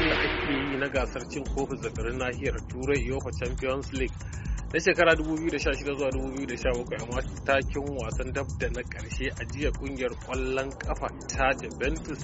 wasan da ake yi na gasar cin kofin zakarun nahiyar turai yofa champions league na shekara 2016 zuwa 2017 amma takin wasan dab da na karshe a jiya kungiyar kwallon kafa ta juventus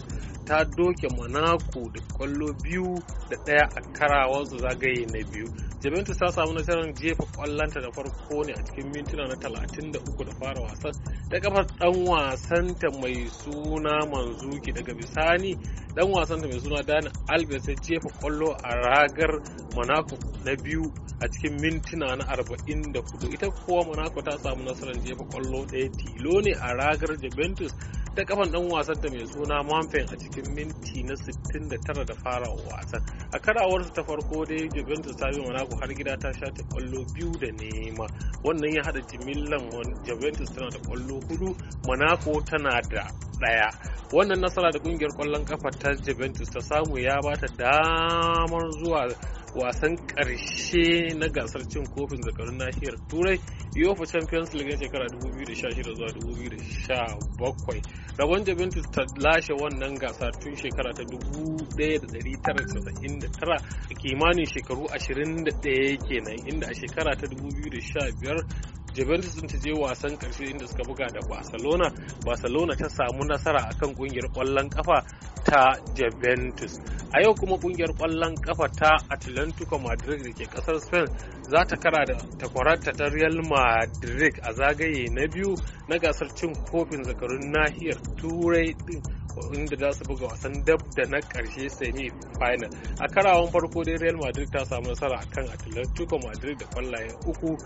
ta doke monaco da kwallo biyu da daya a karawar zagaye na biyu Juventus ta samu nasarar jefa kwallonta da farko ne a cikin mintuna na 33 da fara wasan ta kafa dan wasanta mai suna Manzuki daga bisani dan wasanta mai suna Dani Alves ya jefa kwallo a ragar Monaco na biyu a cikin mintuna na 44 ita kuwa Monaco ta samu nasarar jefa kwallo ɗaya tilo ne a ragar Juventus ta kafan dan wasan da mai suna Manfen a cikin minti na 69 da tara da fara wasan. A karawar ta farko dai Juventus ta bi Monaco har gida ta sha ta kwallo biyu da nema. Wannan ya hada jimillan Juventus tana da kwallo hudu, Monaco tana da ɗaya wannan nasara da kungiyar kwallon kafa ta juventus ta samu ya bata damar zuwa wasan karshe na gasar cin kofin zakarun nahiyar turai uefa champions league na shekara 2016 zuwa 2017 rabon juventus ta lashe wannan gasa tun shekara ta 1999 kimanin shekaru 21 kenan inda a shekara ta 2015 Juventus sun ta je wasan karshe inda suka buga da Barcelona Barcelona ta samu nasara a kan kungiyar kwallon kafa ta Juventus a yau kuma kungiyar kwallon kafa ta Atlantico Madrid da ke kasar Spain za ta kara da takwararta ta Real Madrid a zagaye na biyu na gasar cin kofin zakarun nahiyar Turai din inda za su buga wasan dab da na karshe semi final a karawan farko dai real madrid ta samu nasara akan atlantico madrid da kwallaye uku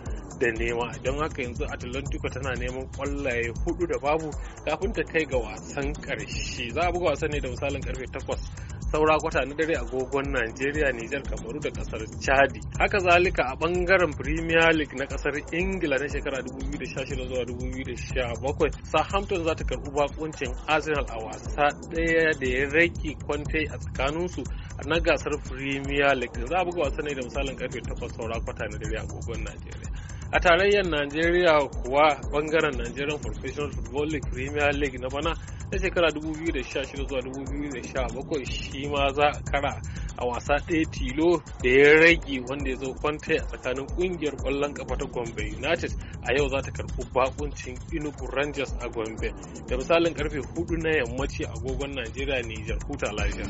da nema don haka yanzu atlantico tana neman kwallaye hudu da babu kafin ta kai ga wasan karshe za a buga wasan ne da misalin karfe takwas saura kwata na dare agogon Najeriya, Nijar, Kamaru da kasar Chadi. Haka zalika a bangaren Premier League na kasar Ingila na shekara 2016 zuwa 2017, Southampton za ta karbi bakuncin Arsenal a wasa ɗaya da ya rage kwante a tsakaninsu na gasar Premier League. Za a buga wasa ne da misalin karfe 8 saura kwata na dare agogon Najeriya. a tarayyar najeriya kuwa bangaren nigerian professional football league premier league na bana na shekara 2016 zuwa 2017 shi ma za a kara a wasa ɗaya tilo da ya rage wanda ya zo kwanta a tsakanin ƙungiyar ƙwallon ƙafa ta Gombe United a yau za ta karɓi bakuncin Inugu Rangers a Gombe da misalin karfe 4 na yammaci agogon Najeriya Nijar kuta lafiya.